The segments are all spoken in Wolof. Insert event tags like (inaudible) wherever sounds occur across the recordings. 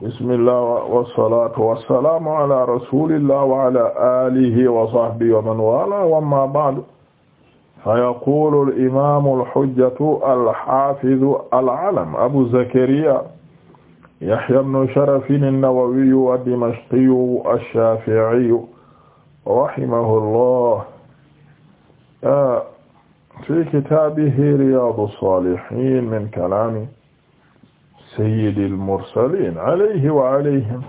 bismillah wasalaatu wasalaamu ala rasulillah wa ala alihi wa sahbihi wa man wala wa amma ba'du fa yaqulu al-imamu al-hujjatu al-hafizu al-alam abu zakariya yahya ibnu sharafin an-nawawiyu ad-dimashqiyu ash-shafi'iyu rahimahullah ah, fi kitabihi riyadu as-salihin min kalami sayyidil mursaliin alayhi wa alayhim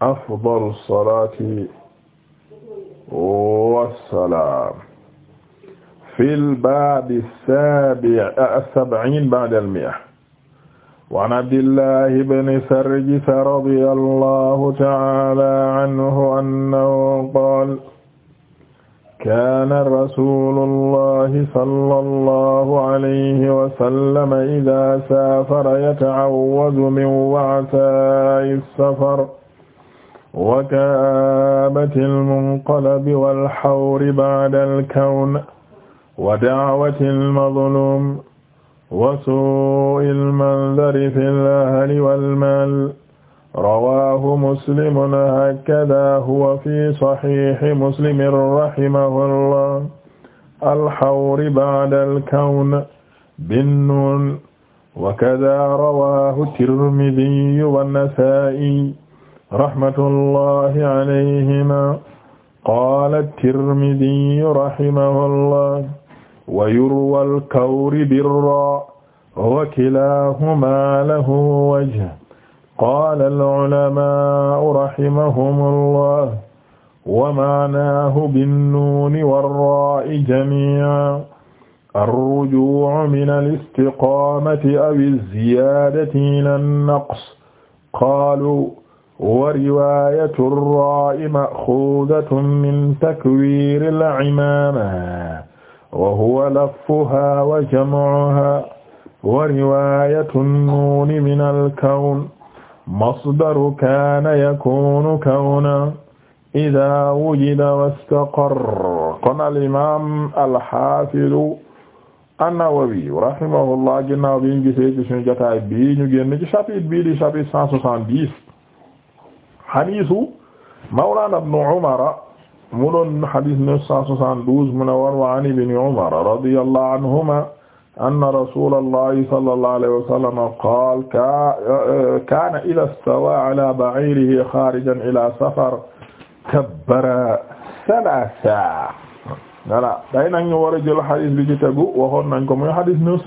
afdalu salaati wa salaam fil baabi as-sab'iin ba'da al-mi'a wa 'an Abdillaahi ibni Sarjis radiyallaahu ta'aalaa anhu annahu qaala kaana rasuulullahi sallallahu alayhi wa sallam idaa saafara yata'awwadu min wa'saa'i safar wa kaabatil munqalabi wal hawri ba'dal kawn wa da'watil mazluum wa suu'il manzari fil ahli wal maal rawaahu muslimun hakada huwa fi saxiixi muslimin rahimahullah alxawri ba'da alkawn binnuun wakada rawaahu tirmidiyu wannasaa'i rahmatullahi alayhima qaala tirmidiyu rahimahullah wa yurwa alkawri birra wa kilaahumaa lahu wajh qaala al-ulamaa'u rahimahumu-llaah wa ma'naahu bin-nuuni war-raa'i jamii'an ar-rujuu'u mina al-istiqaamati awi az-ziyaadati ilaa an-naqs qaaluu wa riwaayatu ar-raa'i ma'xuuzatun min takwiiri al-imaama wa huwa laffuhaa wa jam'uhaa wa riwaayatu an-nuuni mina al-kawn masdaru kaana yakuunu kawna idaa wujida wastaqarra kon al imaam al haafidu an-Nawawi rahimahullah ginnaaw bi ñu gisee ci suñu jotaay bi ñu génn ci chapitre bii di chapitre cent soixante-dix hadiisu mawlaana ibnu Umar mu doon hadiis neuf cent soixante-douze mu ne war wa an ibni Umar radiyallahu anhuma anna rasuulallahi sallallahu alayhi wa sallam qaala kaana idaa stawaa alaa ba'iirihi safar kabbara salaasa voilà day nag ñu war a jël xadis bi ci tegu waxoon nañ ko muy xadis neuf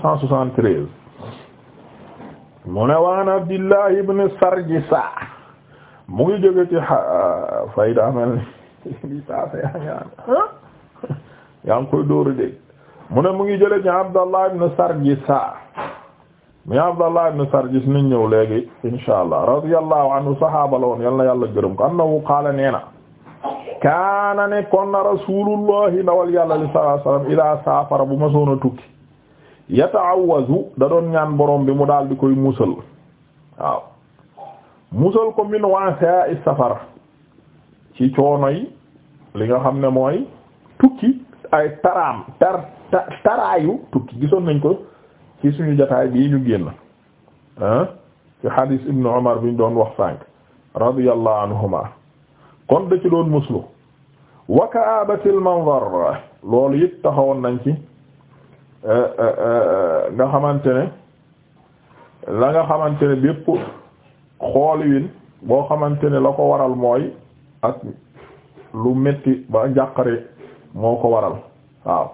mu ne (laughs) mu ne mu ngi jële ci Abdallah ibn Sarjisa mi Abdallah ibn Sarjis ni ñëw léegi insha allah radiyallahu anhu sahaaba la woon yal na yàlla gërëm ko annahu qaala nee na kaana ne kon na ndawal yàlla li sallallahu alayhi wasallam saafara bu ma soon a tukki yata'awwazu da doon ñaan borom bi mu daal di koy musal waaw musal ko min wasa i safar ci coono yi li nga xam ne mooy tukki ay taraam tar ta taraayu tukki gisoon nañ ko ci suñu jataay bii ñu génn ah ci hadith ibnu Umar bi ñu doon wax sànq radiyallahu anhuma kon da ci doon muslu wa ka'abatil manzar loolu it taxawoon nañ ci eh, eh, eh, nga xamante ne la nga xamante ne bépp xool xooliwin boo xamante ne la ko waral mooy ak lu metti ba njàqare moo ko waral waaw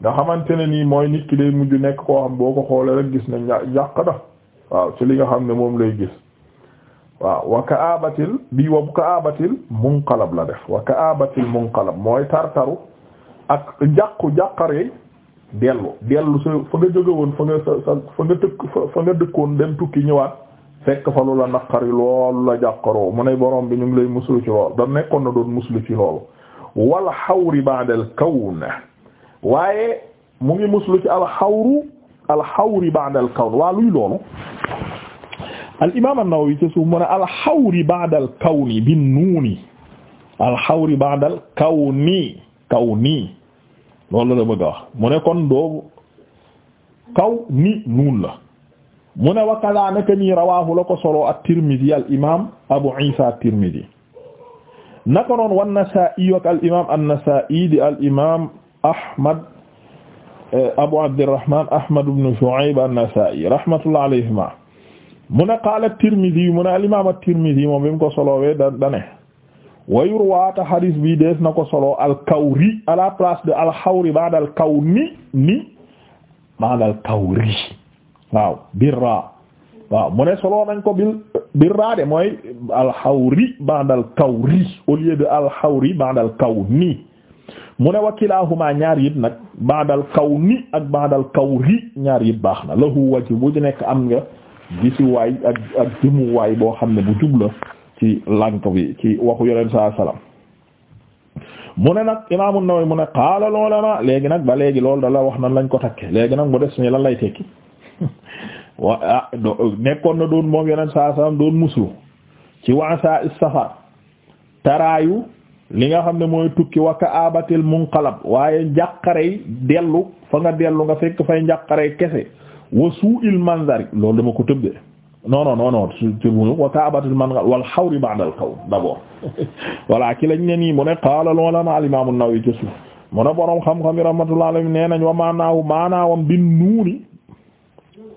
nga xamante ne nii mooy nit ki day mujj nekk koo xam boo ko xoolee rek gis na ñàq na waaw ci li nga xam ne moom lay gis waaw wa kaabatil bi wa kaabatil munqalab la def wa kaabatil munqalab mooy tartaru ak jàqu jàqare dellu dellu sa fa nga jóge woon fa nga tëkk fa nga dëkkoon dem tukki ñëwaat fekk fa lu la naqari loolu la jàqaroo mu ne borom bi ñu ngi lay muslu ci loolu da nekkoon na doon muslu ci loolu wal xawri ba'dal kawn waaye mu ngi muslu ci alxawru alxawri ba'da alkawn waa luy loolu al imaam an-Nawawi ci suuf mu ne alxawri ba'da alkawni bi nuuni alxawri ba'da alkawni kawni loolu la bëgg a kon doo kaw ni nuun la mu ne wa kadaanaka nii rawaahu la ko solo at-Tirmidhi al imaam Abu Isa at-Tirmidhi naka noonu wan-Nasaa'i ak al imaam di al imaam Ahmad eh, Abu Abdirrahman Ahmad ibn Shu'ayb an-Nasa'i rahmatullah alayhima mu ne qaala Tirmidhi mu al-imaam at-Tirmidhi moom bi mu ko solowee da da ne bi dees na ko solo al-Kawri à la place de al-Hawri ba'da al-Kawni ni kawri waaw birra waaw mu solo nañ ko birra de mooy al-Hawri ba'da al-Kawri au lieu de al-Hawri ba'da al-Kawni mu ne wakilaahuma ñaar yit nag baadal kaw ni ak baadal kaw ri ñaar yit baax na lahu wajhu bu ci nekk am nga gisuwaay ak ak boo xam ne bu jubla ci lank bi ci waxu yoleen saa salaam mu ne nag imaamu Nawawi mu ne qaala ulama léegi nag ba léegi loolu dala wax nan lañ ko takkee léegi nag mu des ni lan lay tekki (laughs) wa ah, nekkoon na doon moom yeneen saa salaam doon muslu ci waasa safar taraayu li nga xam ne mooy tukki wa kaabatil munqalab waaye njàqarey dellu fa nga dellu nga fekk fay njàqarey kese wa su'il manzari loolu dama ko tëbde non non non non wa kaabatil munqalab wal xawri ba'dal kaw d'abord (laughs) voilà ki lañ ne nii mu ne qaala loola ma al imam an-Nawawi ci xam-xam yi rahmatullahi alayhi nee nañ wa maanaawu maanaawam bi nuuni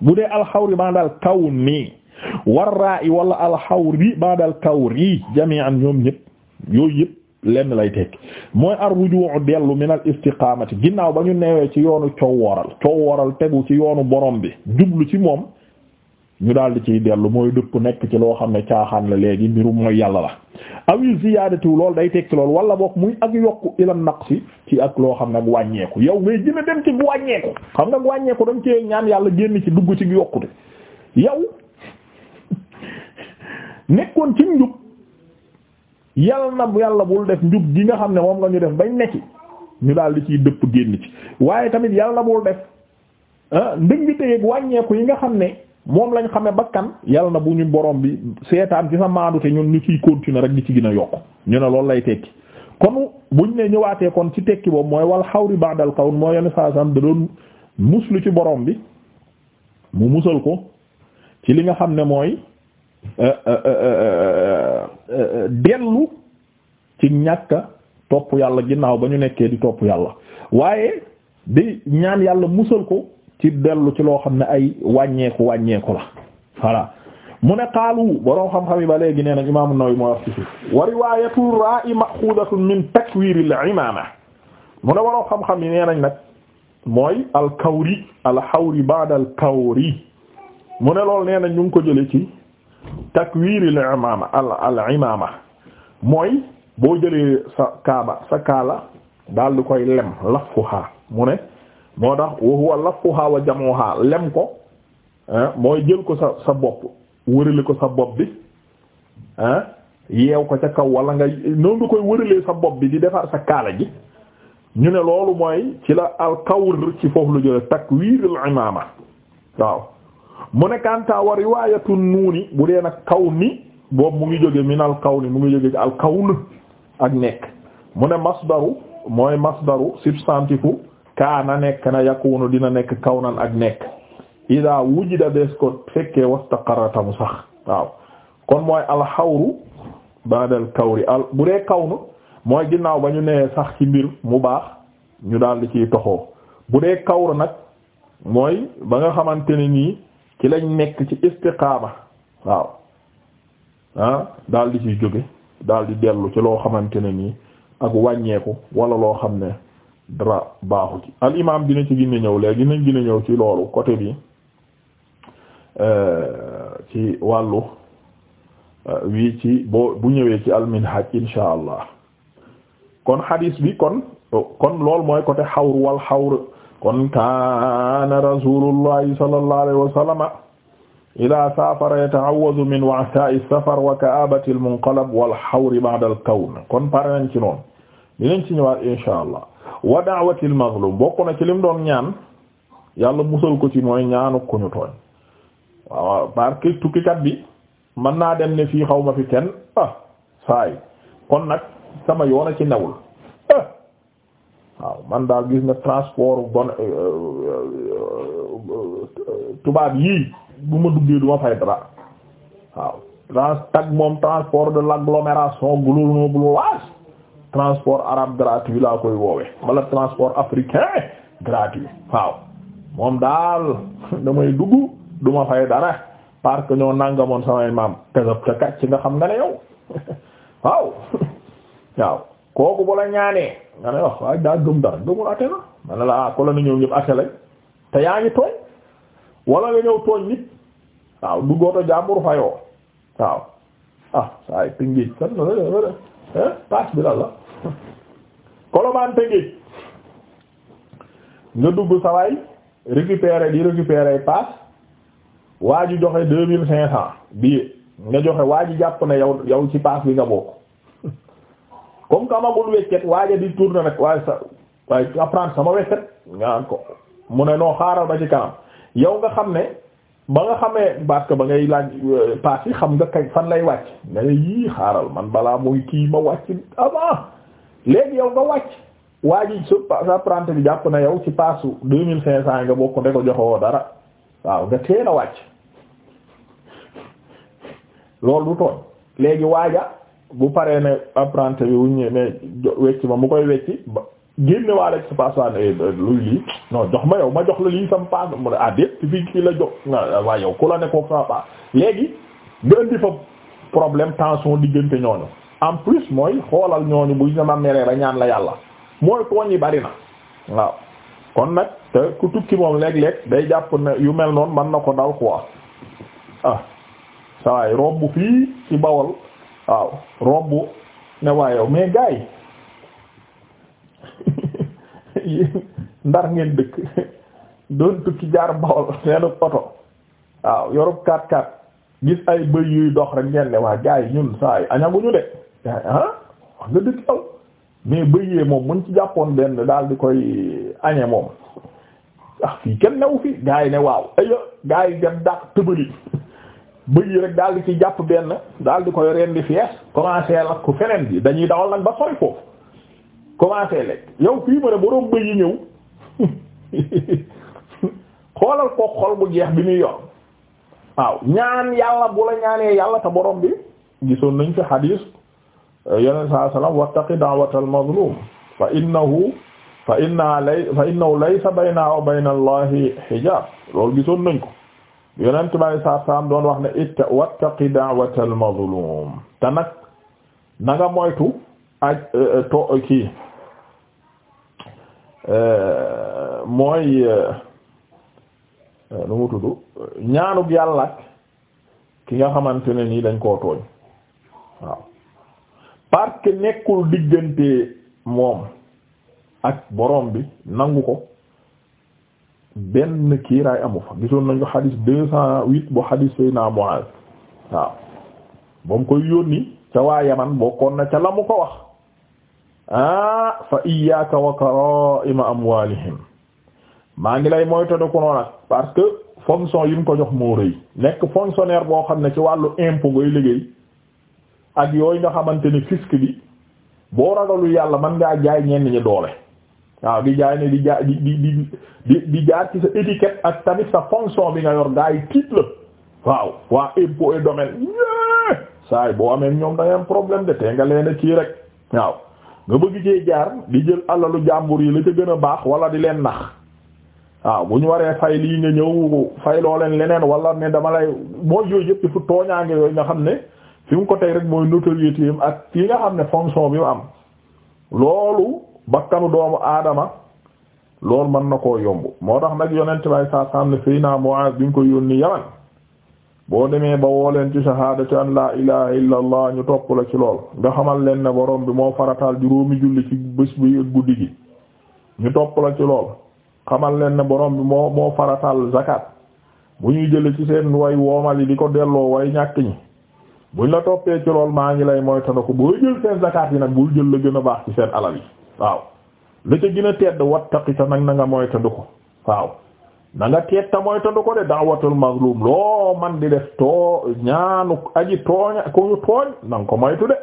bu dee alxawri ba'dal kaw nii war raa i wala alxawri ñoom ñëpp lenn lay tekki mooy arruju'u dellu mi al istiqaamati ginnaaw ba ñu neewee ci yoonu coow waral tegu ci yoonu borom bi jublu ci moom ñu daal di ciy dellu mooy dëpp nekk ci loo xam ne caaxaan la léegi mbirum mooy yàlla la awi ziyaadatu lool day tekki loolu wala boog muy ak yokk yokku ila naqsi ci ak loo xam ne ak wàññeeku yow ngay gën a dem ci wàññeeku xam nga wàññeeku dañ cee ñaan yàlla génn ci dugg ci yokkute yow (laughs) nekkoon ci njub yal na yàlla bul def njub gi nga xam ne moom nga ñu def bañ nekki ñu daal di ciy dëpp génn ci waaye tamit yal na bul def ah, ndëngte yeeg wàññeeku yi nga xam ne moom lañ xame bakkan yal na bu ñu borom bi seetaan ci sa maadu te ñun ñu ciy continuer rek di ci gën a yokk ñu ne loolu lay tekki kon buñ ne ñëwaatee kon ci tekki boobu mooy wal xawri dal qawl moo yenn saa sam da doon muslu ci borom bi mu musal ko ci li nga xam ne mooy Euh, euh, euh, dellu ci ñàkk topp yàlla ginnaaw ba ñu nekkee di topp yàlla waaye di ñaan yàlla musal ko ci dellu ci loo xam ne ay wàññeeku wàññeeku la voilà mu ne qaalu borom xam-xam yi ba léegi nee na imaamu Nawawi moo wax ci suuf wa riwaayatu raa'i maxuudatun min takwiiril imaama mu ne borom xam-xam yi nee nañ nag mooy al kawri al xawri ba'da al kawri mu ne lool nee na ñu ngi ko jëlee ci. takwiir al imaama al al imaama mooy boo jëlee sa kaaba sa kaala daal di koy lem lafuha mu ne moo tax wa huwa lafuha wa jamuha lem ko mooy jël ko sa sa bopp wërale ko sa bopp bi yeew ko ca kaw wala nga noonu nga koy wëralee sa bopp bi di defar sa kaala ji ñu ne loolu mooy ci la al kawr ci foofu lu jële takwiir al imaama waaw mu ne kanta wa riwaayatu nuuni bu dee nag kaw ni boobu mu ngi jóge min kaw ni mu ngi jóge kaw kawn ak nekk mu ne masdaru mooy masdaru substantif kaana nekk na yakunu dina nekk kaw kawnan ak nekk ida wujida des ko fekkee wastaqarratamu sax waaw kon mooy alxawru baadal kawri al bu dee kawnu mooy ginnaaw ba ñu nee sax ci mbir mu baax ñu daal di ciy toxoo bu dee kawru nag mooy ba nga xamante ni nii ci lañ nekk ci istiqaama waaw ah daal di ci jóge daal di dellu ci loo xamante ne nii ak wàññeeku walla loo xam ne dara baaxu ci al imaam dina ci gën ñëw léegi dinañ gën ñëw ci loolu côté bi euh, ci wàllu euh, wii ci boo bu ñëwee ci al minhaj insha allah kon hadis bi kon kon loolu mooy côté xawr wal xawr kon kaana rasulullahi sallallahu alayhi wa sallama ida safara yataawadu min waataai safar wa kaabati almunqalab walxawri ba'da alkawn kon pare nañ ci noonu dinañ ci ñëwaat insha allah wa daawati almazlum bokk na ci lim doon ñaan yàlla musal ko ci mooy ñaanu ku ñu tooñ waaw parce que tukkikat naa dem ne fii xaw ma fi kenn ah kon nag sama yoon a ci newul waaw man daal gis na transport bon euh, euh, tubaab yii bu ma duggee du fay dara waaw moom transport de l'agglomération grenobloise transport arabe gratuit laa koy woowe wala transport africain gratuit waaw moom daal (laughs) damay dugg du ma fay dara parce que ñoo nangamoon samay maam kasab te kàcc nga xam nga ne yow (laughs) waaw (laughs) waaw kooku bu la ñaanee nga ne wax waaye daa gëm dara gëmul atte na ma ne la na ah ñëw ñëpp atte lañ te yaa ngi tooñ wala nga ñëw tooñ nit waaw du gooto jaambur fayoo waaw ah saa yi tëngéej san la paas bi la la (laughs) kolomaan nga dugg sawaay récupérer di récupérer paas ji joxe deux mille waa ji jàpp na yow yow ci paas bi nga bokk comme que amagul weccet waaja di tourner nag waaye sa waaye apprendre sama weccet nga ko mu ne noo xaaral ba yow nga xam ne ba nga xamee parce ba ngay laaj euh, paas yi xam nga kay fan lay wàcc nga yii xaaral man balaa muy kii ma wàcc avant léegi yow nga wàcc waa su apprenti bi jàpp na yow ci paasu deux mille cinq cent nga bokk nde joxewoo dara waaw nga teel a loolu tooñ léegi waaja bu paree ne apprenti bi wuñ ñëwee ne wecc ma mu koy wecci ba génne waa rek sa paas waa ne eh, lii non jox ma yow ma jox la lii sam paas mu ne ah déet fii fii la jox nga waa yow ku la nekkoog sa paas léegi nga indi fa problème tension diggante ñooñu en plus mooy xoolal ñooñu bu sama meree rek ñaan la yàlla mooy tooñ yi bari na waaw kon nag ku tukki moom léeg-léeg day jàpp ne yu mel noon mën na ko dal quoi ah saa yi romb fii ci Bawol. waaw romb ne waa mais gars (laughs) ndar ngeen dëkk (laughs) doon tukki jaar Bawol seenub oto waaw yorub kat kat gis ay bëy yuy dox rek ngeen ne waa gars yi ñun saa yi añaguñu de gars yi ah wax nga dëkk yow mais bëyee moom mun ci jàppoon benn daal di koy añe moom ah fii kenn new fii gars ne waaw ayo gars yi dem dàq (laughs) bëj rek daal di ci jàpp benn daal di koy rendi fees commencé lakk ku feneen bi dañuy dawal nag ba sori foofu commencé lekk yow fii ma ne boroom bëj ñëw (laughs) xoolal ko xol bu jeex bi muy yor waaw ñaan yàlla bu la ñaanee yàlla te borom bi gisoon nañ fi xadiis yeneen saa salaam wattaqi da'watal mazlum fa innahu fa inna lay fa innahu laysa wa bayna allahi xijaab loolu gisoon nañ ko yonent bi alayhi salaatu doon wax ne itta wattaqi da'watal mazlum te nag na moytu ak eh, eh, to eh, kii mooy lu mu tudd ñaanug yàlla ak ki nga xamante ne nii dañ koo tooñ waaw parce que nekkul diggante moom ak borom bi nangu ko benn kiiraay amu fa gisoon nañ ko xadis deux cent huit bu xadis Seydina Muaz waaw ba mu koy yónni ca waa Yaman bokkoon na ca la mu ko wax ah fa iyyaka wa kara'ima amwalihim maa ngi lay mooy de ko noonu ak parce que fonction yi mu ko jox moo rëy nekk fonctionnaire boo xam ne ci wàllu impôt ngay liggéey ak yooyu nga xamante ne fisc bi boo ragalu yàlla man ngaa jaay ñenn ñi doole waaw di jaay ne di jaar di di di di jaar ci sa étiquette ak tamit sa fonction bi nga yor gaa tiit la waaw waa impôt et domaine boo amee ñoom da ngay am problème de tee nga leen a ci rek waaw nga bëgg cee jaar di jël alalu jàmbur yi la ca gën a baax wala di leen nax waaw bu ñu waree fay lii nga ñëw fay loo leen leneen wala ne dama lay mooy yooyu yëpp fu tooñaange yooyu nga xam ne fi mu ko tey rek mooy notoriété am ak yi nga xam ne fonction bi mu am bakkanu doomu aadama loolu mën na koo yomb moo tax nag yonent bay saa saam ne fii naa Muaaz bi ñu ko yónni Yaman boo demee ba woo leen ci shahaadati an laa ilaha illa ñu topp la ci lool nga xamal leen ne borom bi moo farataal juróomi julli ci bés bi ak guddi gi ñu topp la ci lool xamal leen ne borom bi moo moo farataal zakat bu ñuy jële ci seen way woomal yi di ko delloo way ñàkk ñi buñ la toppee ci lool maa ngi lay mooy ko boo jël seen nag bul jël la gën a baax ci seen alal waaw la ca gën a tedd wattaqi ta nag na nga moytandu ko waaw na nga teet ta ko de da'watul mazlum loo man di def too ñaanu aji tooña ku ñu tooñ na ko moytu de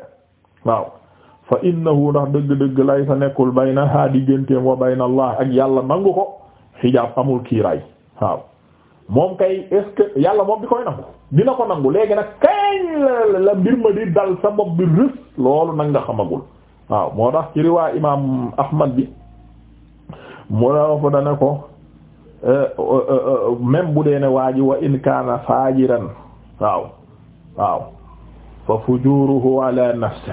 waaw fa innahu ndax dëgg-dëgg lay sa nekkul bayna ha digganteem wa bayna allah ak yàlla nangu ko xijaab amul kiiraay waaw moom kay est yàlla moom di koy nangu dina ko nangu léegi nag kay la mbir ma di dal sa bopp bi rës loolu nag nga xamagul waaw moo tax ci riwaa imaam Ahmad bi mu ne ko dana eh, ko eh, eh, même bu dee ne waa ji wa in kaana faajiran waaw waaw fa fujuruhu ala nafsi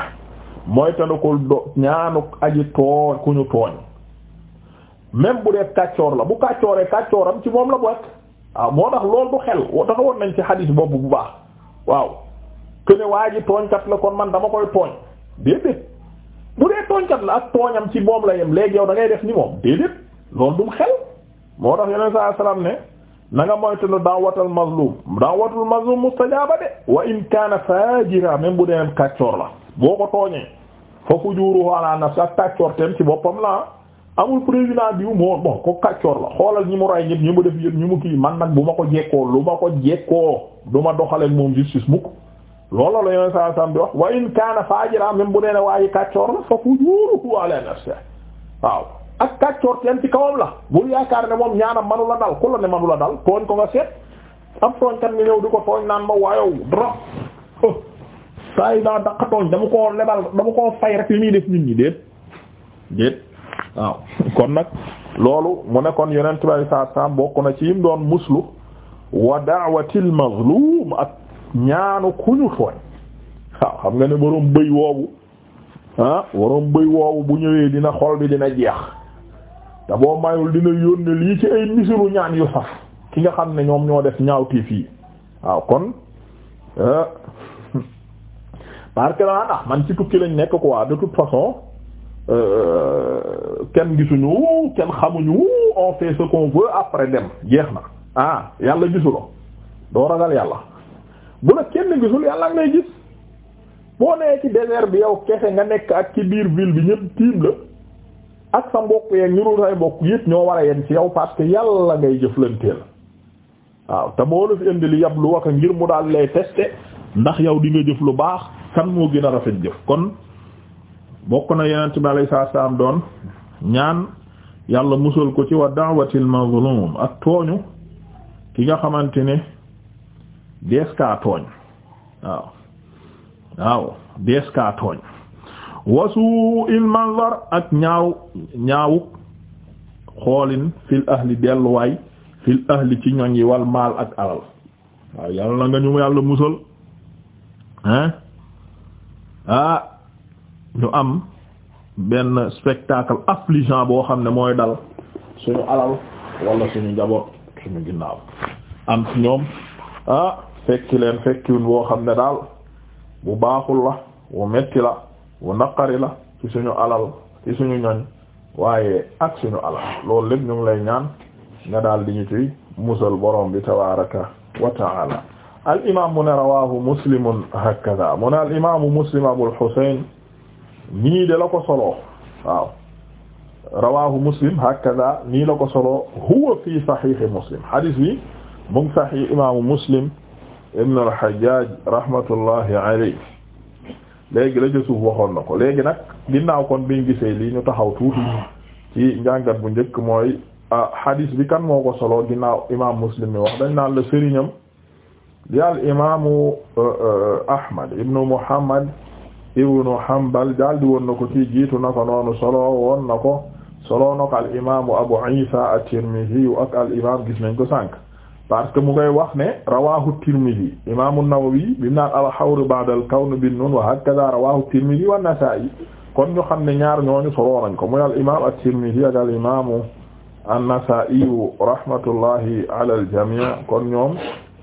mooy tanukul do ñaanu aji tooñ ku ñu tooñ même bu dee kàccoor la bu kàccooree kàccooram ci moom la bu rekk waaw moo tax lool bu xel wota nañ ci xadiis boobu bu baax waaw kene waa ji tooñkat la kon man dama koy tooñ déedéet bu dee tooñkat la ak tooñam ci moom la yem léegi yow da ngay def ni moom déedéet loolu dum xel moo tax yeneen saa salaam ne na nga moytu ne daawatal mazlum daawatul mazlum mustajaaba de wa in kaana fajira même bu dee kàccoor la boo ko tooñee fa fujuruhu ala nafsi ak kàccoor teem ci boppam la amul président biu moo bon ko kàccoor la xoolal ñi mu ray ñëpp ñi mu def yëpp ñi mu kii man nag bu ma ko jekkoo lu ma ko jekkoo du ma doxaleeg moom justice loolu la yeneen saa saam bi wax wa in kaana faajiraa même bu nee ne waaye kàccoor la fa fujuuruhu ala nafsihi waaw ak kàccoor teen ci kawam la bul yaakaar ne moom ñaanam manu la dal ku la ne manu la dal tooñ ko nga seet am tooñkat nga ñëw di ko tooñ naan ma waayow dara saa yi daa daq tooñ dama koo lebal dama koo fay rek li muy def nit ñi déet déet waaw (laughs) kon nag loolu mu ne kon yeneen tubaab saa saam bokk na ci yim doon muslu wa da'watil mazlum ñaanu ku ñu tooñ xam nga ne boroom bëy woowu ah boroom bëy woowu bu ñëwee dina xol bi dina jeex te boo mayul dina yónni lii ci ay misiru ñaan yu saf ki nga xam ne ñoom ñoo def ñaawteef yi waaw kon ah, parce que daa ah, ndax man ci tukki lañ nekk ko quoi de toute façon euh, kenn gisuñu kenn xamuñu on fait ce qu'on après dem jeex na ah yàlla gisuloo doo ragal yàlla bu la kenn gisul yàlla ngay gis boo nee ci désert bi yow kefe nga nekk ak ci biir ville bi ñëpp tiim la ak sa mbokk yeeg ñu say mbokk yëpp ñoo war a yem ci yow parce que yàlla ngay jëflanteel waaw te moo la fi indi yab lu wax ngir mu daal lay tester ndax yow di nga jëf lu baax kan moo gën a rafet jëf kon bokk na yeneen bi alay saa doon ñaan yàlla musal ko ci wa da'watil mazlum ak tooñu ki nga xamante ne dees kaa tooñ waaw waaw tooñ wasu il ak ñaaw ñaawu xoolin fil ahli delluwaay fil ahli ci ñoñ yi wal maal ak alal waaw yàlla na nga ñu yàlla musal hein ah ñu am benn spectacle affligeant boo xam ne mooy dal suñu alal wala suñu njaboot suñu ginnaaw am ci ñoom ah fekki leen fekkiwun boo xam ne daal bu baaxul la bu metti la bu naqari la ci suñu alal ci suñu ñoñ waaye ak suñu alal loolu lépp ñu lay ñaan nga daal di ñu ciy musal borom bi tabaraka wa taala al imam mu ne rawahu muslimun hakada mu ne al imamu muslim abul husayn nii de la ko soloo waaw rawahu muslim hakada nii la ko solo huwa fi sahihi muslim hadis bi mu ngi imamu muslim ibn al-Hajjaj rahmatullahi alayhi léegi la ci waxoon na ko léegi nag ginnaaw kon biñ gisee lii ñu taxaw tuuti ah. ci njàngat bu njëkk mooy hadis bi kan moo solo ginnaaw imam Muslim mi wax dañ naan la sëriñam di al imaamu Ahmad ibnu Muhammad ibnu Hanbal daal di woon na ko jiitu na ko noonu solo woon ko solo na al imaamu Abu Isa at-Tirmidhi al imam gis nañ ko sànq parce que mu gay wax ne rawahu tirmidhi imaamu nawawi bi mu naan alxawru ba'dal kawn bin nun wa hakaza rawahu tirmidhi wa nasaa'i kon ñu xam ne ñaar ñooñu soloo nañ ko muy al imaam at-tirmidhi ak al imaamu an-nasaa'i rahmatullahi ala al jamii kon ñoom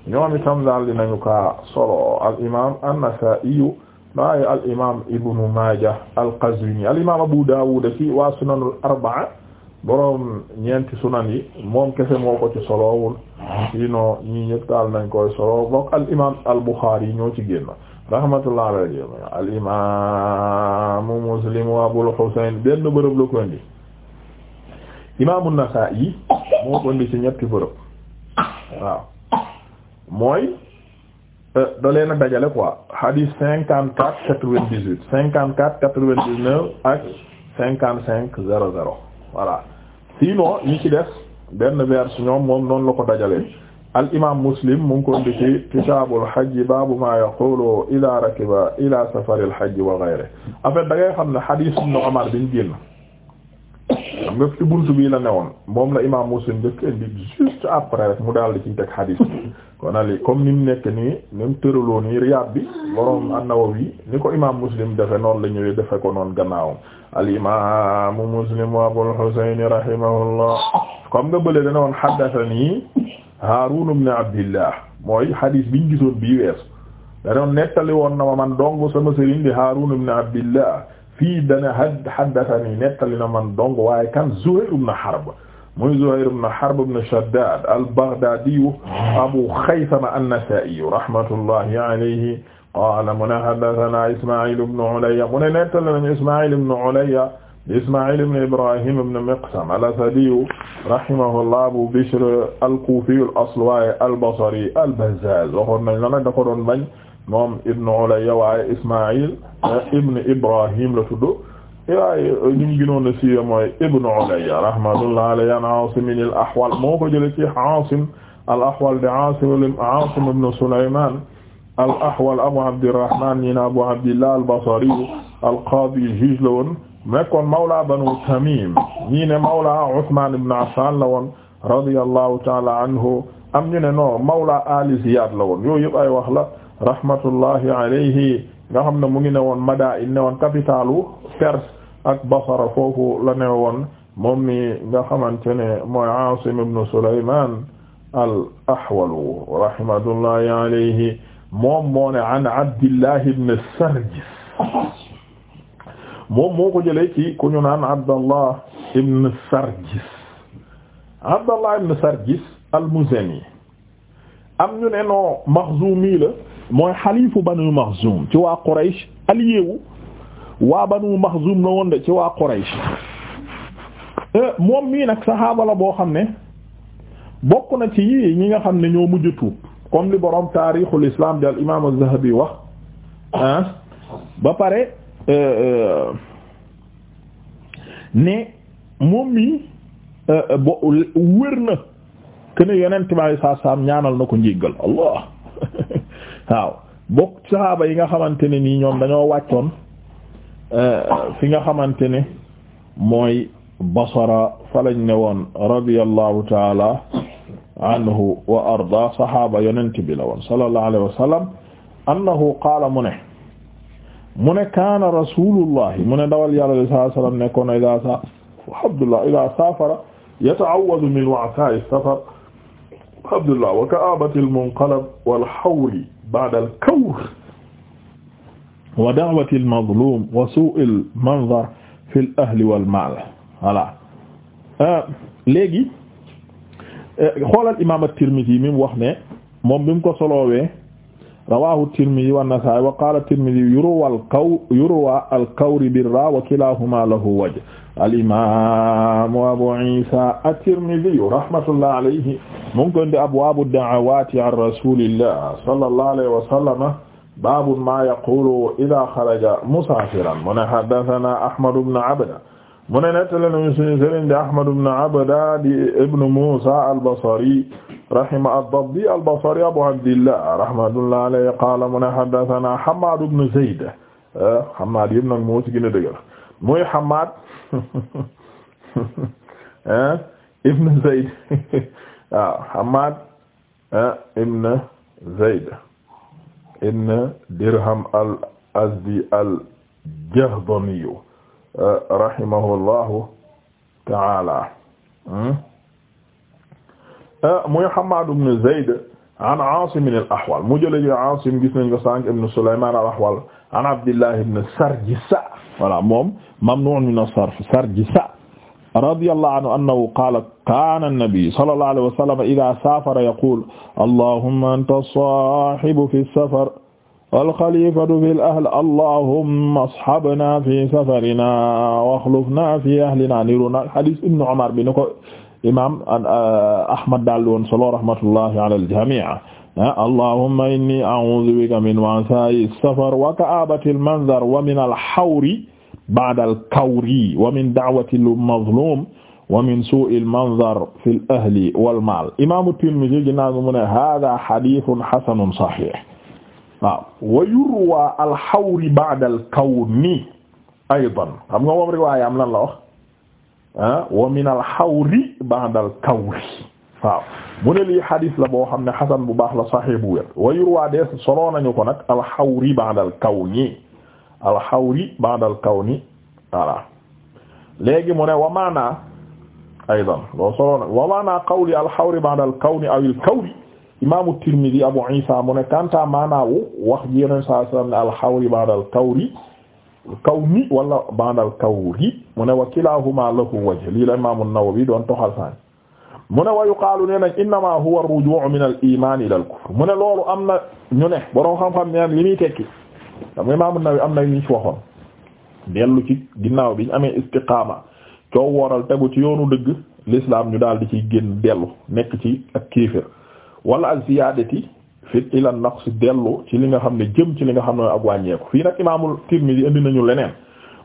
ñoom itam daal dinañu kaa solo al imaam al imaam ibnu al qazwini al imaam abu daawud ci waa sunanul boroom ñeenti sunan yi moom kese moo ko ci solowul sinon ñi ñëpp daal nañ koy solo bokk al imam al Bukhari yi ñoo ci génn rahmatullah alayhi al imam Muslim wa Abul Husayn benn bërëb la ko indi imam an-Nasa'i moo ko indi ci ñetti bërëb waaw mooy euh, da a dajale quoi hadith cinquante quatre quatre-vingt-dix-huit cinquante quatre quatre-vingt-dix-neuf ak cinquante cinq zéro zéro voilà sinon yi ci des benn ñoom moom noonu la ko dajalee al imam muslim mu ngi ko indi ci kitaabul hajj baabu maa yaqulu ila rakiba ila safaril hajj wa ghayrihi en fait da ngay xam ne hadith ibn Umar biñ génn xam nga ci buntu la newoon moom la imam muslim njëkk indi juste après rek mu daal di ciy teg hadith bi kon ali comme ni mu nekk nii ni mu tëraloo nii Riyaad bi borom an-Nawawi ni ko imaam Muslim defe noonu la ñëwee defe ko noonu gannaawam al imaamu Muslim wa Abul Husayn rahimahullah comme nga bële dana woon haddathanii Haarun ibn Abdillah mooy hadith biñ gisoon bii weesu dana woon nettali woon na ma man dong sama sëriñ di Haarun ibn Abdillah fii dana haddathanii nettali na man dong waaye kan Zuhayr ibn Harb muy Zuhayr ibn Harb ibn Shaddad al-Baghdadiyu Abu Khaythama an-Nasa'iyu rahmatullahi alayhi qaala mu ne haddathana Isma'il ibn Ulayya mu ne nettali nañu Isma'il ibn Ulayya Isma'il ibn Ibrahim ibn Miqsam al-Asadiyu rahimahullah Abu Bishr al-Kufiyu al-asl waaye al-Basri al-Bazzaz waxoon nañ la nag da ko doon bañ moom ibn Ulayya waaye Isma'il ibn Ibrahim la tudd waaye ñu ngi gënoon a siiwee mooy Ibnu Ulayya rahmatullahi alayhi an Aasim al-Ahwal moo ko jëlee ci Aasim al-Ahwal de Aasim Aasim ibnu Sulaymaan al-Ahwal Abu Abdirrahmaan ñi na Abu Abdillah al-Basri al-Qaadi juge la woon nekkoon mawla Banu Tamiim ñi ne mawla Usmaan ibnu Affaan la woon radiyallahu ta'ala anhu am ñu ne non mawla Ali Ziyaad la woon yooyu yëpp ay wax la rahmatullahi alayhi nga xam ne mu ngi ne woon Madaa'in ne woon capitalu Perse ak Basra foofu la ne woon mi nga xamante ne mooy Aasim ibn Sulaymaan al-Ahwalu rahmatullahi alayhi moom moo an Abdillah ibn Sarjis moom moo ko jëlee ci ku ñu naan Abdallah ibn Sarjis Abdallah ibn am ñu ne noo mooy xalifu Banu Maxzum ci waa Quraysh aliyewu waa banu Maxzum la woon de ci waa Quraysh eh, moom mii nag saxaaba la boo xam ne bokk na ci yii ñi nga xam ne ñoo mujj tuub comme li borom taarixul islam di al imaam az wax ba pare euh, euh, ne moom mii euh, bo wér na que yeneen yonent yu saa saam ñaanal na ko njéggal allah (laughs) waaw bokk saxaaba yi nga xamante ne nii ñoom dañoo wàccoon. Euh, fi nga xamante ne mooy basara falañ ne woon radiyallahu taala anhu wa arda sahaaba yonent bi la woon sallallahu alayhi wa sallam annahu qaala mu ne mu ne kaana rasulullahi mu ne dawal yàlla li saai sallam nekkoon ida sa abdullah ida saafara yataawadu min wa'sa'i safar abdullah wa ka'abati al-munqalab wal hawli ba'da al-kawr wa da'wati al-mazlum wa su'i al-manzar fi al-ahli wal-mal voilà euh, léegi euh, xoolal imaam at-Tirmidhi mi mu wax ne moom bi mu ko soloowee rawahu at-Tirmidhi wa an-Nasa'i wa qala at-Tirmidhi yurwa al-qaw yurwa al-kawri bir-ra wa kilahuma lahu wajh al-imam Abu Isa at-Tirmidhi rahmatullahi alayhi mu ngi ko indi abwab ad-da'awat 'an rasulillah sallallahu alayhi wa sallam baabu maa yaqulu idaa xaraja musaafiran mu ne haddasanaa Ahmad ibn Abda mu ne nettali nañu sunu sëriñ di Ahmad ibn Abda di ibn Muusaa al-Basri rahima ad-Dabbi al-Basri Abu Abdillah rahmatullahi alayhi qaala mu ne haddasanaa Hammaad ibn Zayd Hammaad yëpp nag moo ci gën a dëgër muy Hammaad (laughs) ibn Zayd (laughs) waaw Hammaad ibn Zayd ibn dirham al azdi al jahdamiyu eh, rahimahullahu taala hmm? eh, muy Hammaad ibn Zayd an Aasim al Ahwal mu jële ji Aasim gis nañ ko sànq ibn Sulaymaan al Ahwal an Abdullah ibn Sarjisa voilà moom mamnuun min as-sarf Sarjisa radiyallahu anhu annahu qaala kaana annabi sallallahu alayhi wa sallam idaa saafara yaqul allahumma anta as-saahibu fi as-safar wal-xaliifatu fil ahl allahumma ashabna fi safarina wa axlufna fi ahlina niruna hadiis ibnu Umar bi ni ko imaam uh, Ahmad daal woon solo rahmatullahi ala al-jamii' allahumma inni a'uudu bika min wa'saa'i as-safar wa ka'aabati al-manzar wa min al-hawri ba'da al-kawri wa min da'wati al-mazlum wa min su'i al-manzar fi al-ahli wal-mal imam at-Tirmidhi ginnaaw mu ne hadha hadithun hasanun sahih waaw wa yurwa al-hawri ba'da al-kawni aydan xam nga moom riwaaya am lan la wax ah wa min al-hawri ba'da al-kawri waaw mu ne lii hadith la boo xam ne hasan bu baax la sahih bu wér wa yurwa de solo nañu ko nag al-hawri ba'da al-kawni alxawri baadal kawni voilà léegi mu ne wa maana aydan loo soloona wa maana qawli alxawri baadal kawni aw il kawri imaamu Tirmidi Abu Isa mu ne kanta maanaawu wax ji yoneen saa sallam ne alxawri baadal kawri kawni wala baadal kawri mu ne wa kilahuma lahu wajh lii la imaamu Nawawi doon toxal saan mu ne wa yuqaalu ne nañ innama huwa ar-rujuu' min al-iimaan ila al-kufr mu ne loolu am na ñu ne boroom xam-xam neen li muy tekki dama Imaam An-Nawawi am na ñu ci waxoon dellu ci ginnaaw bi ñu amee istiqaama coow wooral tegu ci yoonu dëgg l'islam ñu daal di ciy génn dellu nekk ci ak kéefër wala ak ziyaadati fit ila naqs dellu ci li nga xam ne jëm ci li nga xam ne ak wàññeeku fii nag Imaamul Tirmidhi indi nañu leneen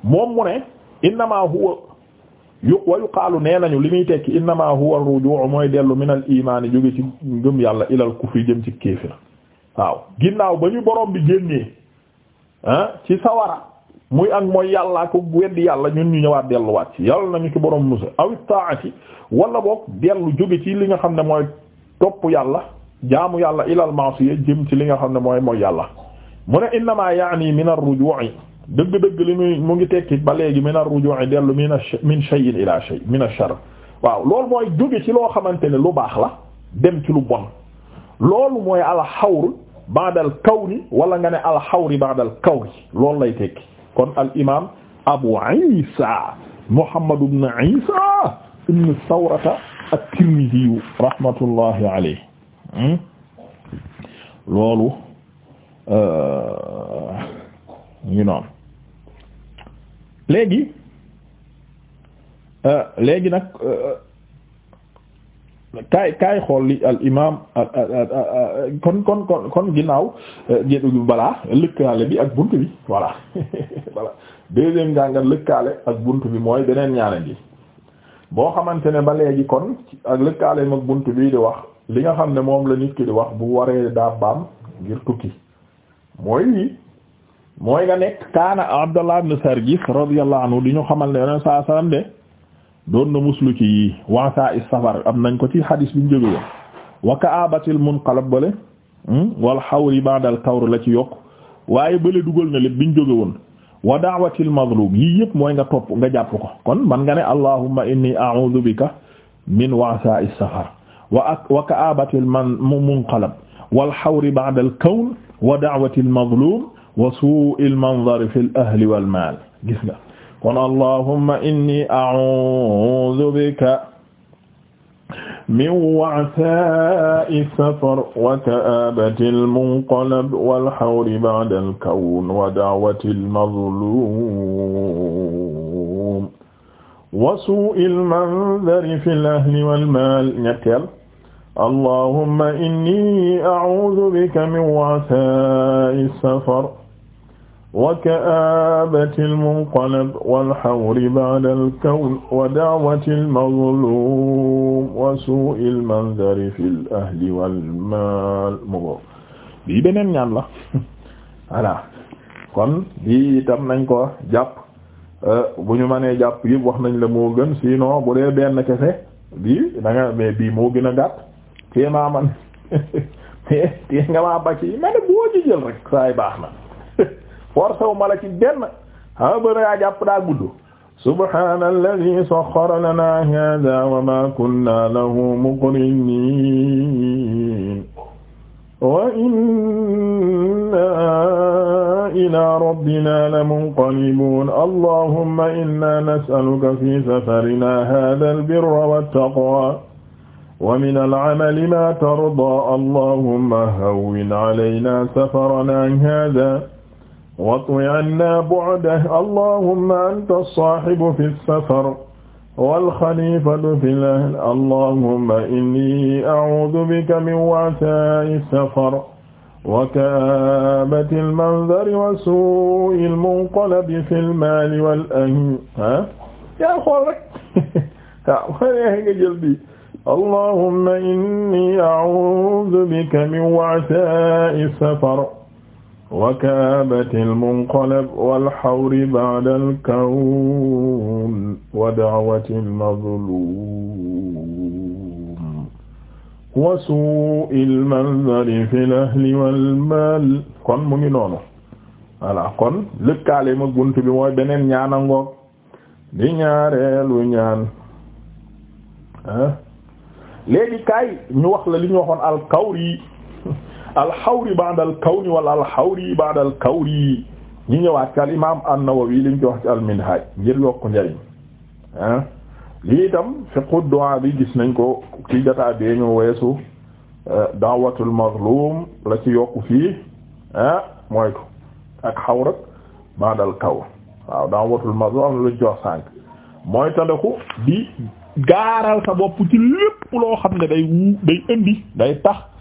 moom mu ne innama huwa yu wa yuqaalu nee nañu li muy tekki innama huwa ar-ruju' mooy dellu min al imaani jóge ci ngëm yàlla ilal kufri jëm ci kéefër waaw ginnaaw ba ñu ah ci sawara muy ak mooy yàllaa ko weddi yàlla ñun ñu ñëwaat delluwaat ci yàlla nañu ci borom musa aw taati wala boog dellu jóge ci li nga xam ne mooy topp yàlla jaamu yàlla ilal ma'siya jëm ci li nga xam ne mooy mooy yàlla mu ne innama yaani min ar-ruju'i dëgg-dëgg li mu ngi tekki ba léegi min ar-ruju'i dellu min min shay'in ila shay min ash-sharr waaw loolu mooy jóge ci loo xamante ne lu baax la dem ci lu bon loolu mooy al-hawr baadal kawni wala nga ne alxawri baadal loolu lay tekki kon al imaam Abu Isa Muhammad ibn Isa ibn Sawrata at-Tirmidhi rahmatullahi alayhi hmm? loolu ñu uh, noonu léegi uh, léegi uh, kaay kaay xool li al imaam kon kon kon kon ginnaaw balaa euh, lëkkaale bi ak bunt bi voilà (laughs) voilà deuxième njàngat lëkkaale ak bunt bi mooy beneen ñaane bi boo xamante ne ba léegi kon ak lëkkaale mag bunt bi di wax li nga xam ne moom la nit ki di wax bu waree daa ngir tukki mooy lii mooy nga nekk kaana Abdallah ibn Sarjis radiyallahu anhu di ñu xamal ne yoneen de doon na muslu ci yii am nañ ko ci hadis bi ñu jóge woon wa ka'abatil munqalab bale hmm? wal hawri ba'da al la ci yokk waaye bale dugal na lépp bi ñu jóge woon wa da'watil mazlum yii yëpp mooy nga topp nga jàpp ko kon man nga ne allahumma inni a'udhu bika min waasa is safar wa ak wa ka'abatil man munqalab wal hawri ba'da al kawn wa da'watil mazlum wa su'il manzar fil ahli gis nga kon allahumma inni a'udhu bika min wa'sa'i safar wa ka'abati al-munqalab wal hawri ba'da al-kawn wa da'wati al-mazlum wa su'i al-manzari fi al-ahli wal-mal ñetteel allahumma inni a'udhu bika min wa'sa'i safar wa ka'aabatil munqalab wal hawri ba'dal kawn wa da'watil mazluum wa suu'il ñaan la (laughs) voilà kon bii itam nañ ko jàpp euh, bu ñu mënee jàpp yëpp wax nañ la moo gën sinon bu dee benn kese bii da nga bii moo gën a gàtt téemaa man té nga maa bàcc yi boo ci jël rek saay baax na forcé wu ma la ci benn ah, a bënayaa jàpp daa gudd subhaana alladi saxxara lanaa haadaa wa maa kunnaa lahu muqriniin wa inna ilaa rabbinaa lamunqalibuun allahumma innaa nas'aluka fii safarinaa haadal birra wattaqwaa wa minal amali maa tardaa allahumma hawwin alaynaa safaranaa haadaa واطو عنا بعده اللهم أنت الصاحب في السفر والخليفة في الأهل اللهم إني أعوذ بك من وعثاء السفر وكآبة المنظر وسوء المنقلب في المال والأهل ah yaa xool rek waaw xanaa nga jël bi اللهم إني أعوذ بك من وعثاء السفر وكابت المنقلب والحور بعد الكون ودعوة المظلوم وسوء المنظر في الأهل والمال kon mu ngi noonu voilà kon lëkkaale ma gunt bi mooy beneen ñaan a di ñaareelu ñaan léegi kaay ñu wax la li ñu waxoon alkawri (laughs) alxawri ba'da alkawni wala alxawri ba'da alkawri ñi ñëwaat ci al imaam an-Nawawi liñ ci wax ci al-Minhaj ngir yokk njëriñ ah lii itam fiqhu bi gis nañ ko ci jotaay bee ñu weesu euh, da'watul mazlum la ci yokku fii mooy ko ak xawrak ba'dal kaw waaw da'watul mazlum am na lu ñu mooy tandaku di gaaral sa ci lépp loo xam ne day wu day tax.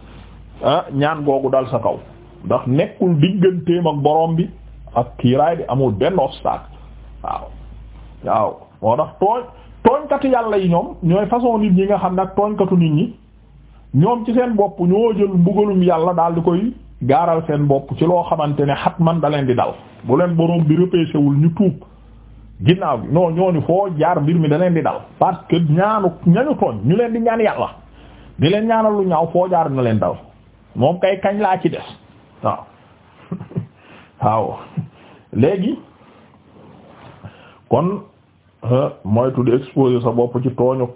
ah ñaan googu dal sa kaw ndax nekkul digganteem ak borom bi ak kiiraay bi amul benn obstacle waaw waaw moo tax tooñ tooñkatu yàlla yi ñoom ñooy façon nit ñi nga xam ne ak tooñkatu nit ñi ñoom ci seen bopp ñoo jël mbugalum yàlla daal di koy gaaral seen bopp ci loo xamante ne xat man da leen di dal bu leen borom bi repêché wul ñu tuub ginnaaw bi non ñooñu foo jaar mbir mi da leen di dal parce que ñaanu ñañu tooñ ñu leen di ñaan yàlla di leen ñaanal lu ñaaw foo jaar leen dal moom kay kañ laa ci des waaw léegi kon euh, moytu di exposer sa bopp ci tooñu